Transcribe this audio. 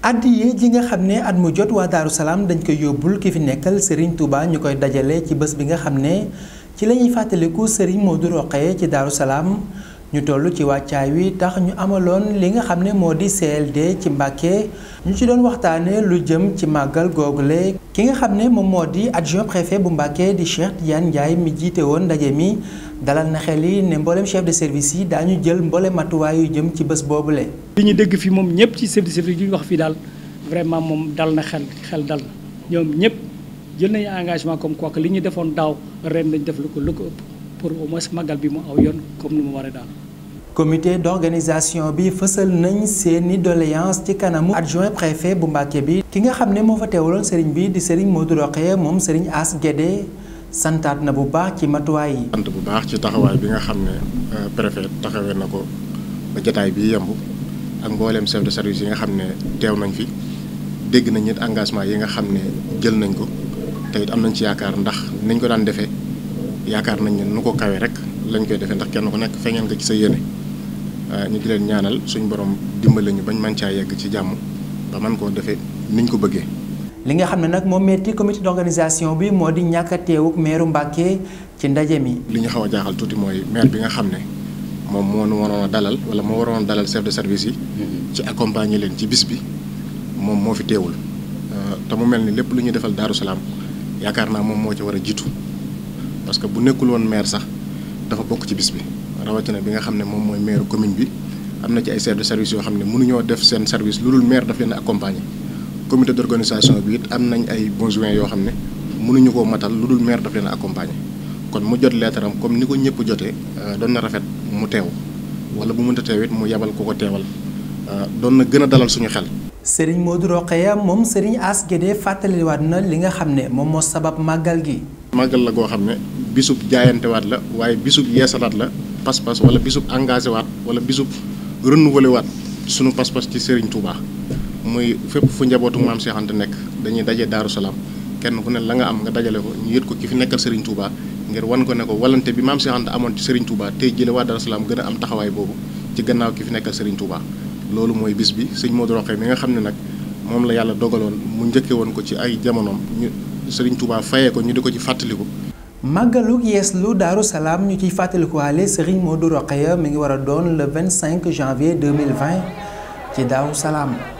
addiye ji nga xam ne at mu jot waa Daaru Salaam dañ koy yóbbul ki fi nekkal Serigne Touba ñu koy dajale ci bés bi nga xam ne ci la ñuy fàttaliku moo Modou Rokhaya ci Daaru Salaam ñu toll ci wàccaay wi tax ñu amaloon li nga xam ne moo di CLD ci Mbàkke ñu ci doon waxtaanee lu jëm ci màggal le ki nga xam ne moom moo di adjoint préfet bu Mbàkke di Cheikh yan Ndiaye mi jiite woon ndaje mi dalal na xel yi ne mboolem chef de service yi daañu jël mboolem matuwaay yu jëm ci bés le li ñu dégg fi moom ñëpp ci chef de service yi ñu wax fii daal vraiment moom dal na xel xel dal na ñoom ñëpp jël nañu engagement comme quoi li ñu defoon daaw ren dañ def lu ko lu ko ëpp. pour au moins màggal bi mu aw yoon comme ni mu waree daal. comité d'organisation bi fësal nañ seeni doléance ci kanamu adjoint préfet bu Mbàkke bi ki nga xam ne moo fa teewaloon sëriñ bi di sëriñ Modou Rokhaya moom sëriñ As Guédé santaat na bu baax ci matuwaay yi. sant bu baax ci taxawaay bi nga xam ne euh, préfet taxawee na ko ba bi yemb ak mbooleem chef de service yi nga xam ne teew nañ fi dégg nañ it engagement yi nga xam ne jël nañ ko te it am nañ ci yaakaar ndax nañ ko daan defee. yaakaar nañ ne nu ko kawee rek lañ koy defee ndax kenn ku nekk feeñal nga ci sa yéene euh, ñu di leen ñaanal suñ borom dimbale ñu bañ mën caa yegg ci jàmm ba mën koo defee niñ ko bëggee. li nga xam ne nag moo metti comité d'organisation bi moo di ñàkk a teewug meeru Mbàkke ci ndaje mi. li ñu xaw a jaaxal tuuti mooy maire bi nga xam ne moom moo nu waroon a dalal wala moo waroon a dalal chef de service yi. Mm-hmm. ci accompagner leen ci bis bi moom moo fi teewul. Euh, te mu mel ni lépp lu ñuy defal Daaru Salaam yaakaar naa moom moo ci war a jiitu. parce que bu nekkul woon maire sax dafa bokk ci bis bi rawatina bi nga xam ne moom mooy maire commune bi am na ci ay chefs de service yoo xam ne mënuñoo def seen service lu dul maire daf leen accompagner comité d'organisation bi it am nañ ay besoins yoo xam ne mënuñu koo matal lu dul maire daf leen accompagner kon mu jot leetaram comme ni ko ñëpp jotee euh, doon na rafet mu teew wala bu mun teew it mu yabal ko ko teewal euh, doon na gën a dalal suñu xel. Serigne Modou Rokhaya moom Serigne As Guédé fàttaliwaat na li nga xam ne moom moo sabab màggal gi. màggal la goo xam ne bisub jaayantewaat la waaye bisub yeesalaat la pas-pas wala bisub engagé waat wala bisub renouvelé waat sunu pas-pas ci Serigne Touba mooy fépp fu njabootu maam Cheikh Anta nekk dañuy daje Daaru Salaam kenn ku ne la nga am nga dajale ko ñu yët ko ki fi nekkal Serigne Touba ngir wan ko ne ko walante bi maam Cheikh Anta amoon ci Serigne Touba tey jële waa Daaru Salaam gën a am taxawaay boobu ci gannaaw ki fi nekkal Serigne Touba loolu mooy bis bi sëñ Modou Rokhaya mi nga xam ne nag moom la yàlla dogaloon mu njëkke woon ko ci ay jamonoom Serigne Touba fayee ko ñu di ko ci fàttaliku. màggalug yees lu daaru salaam ñu ciy fàttalikuwaale du Modou Rokhaya mi ngi war doon le 25 janvier 2020 ci daaru salaam.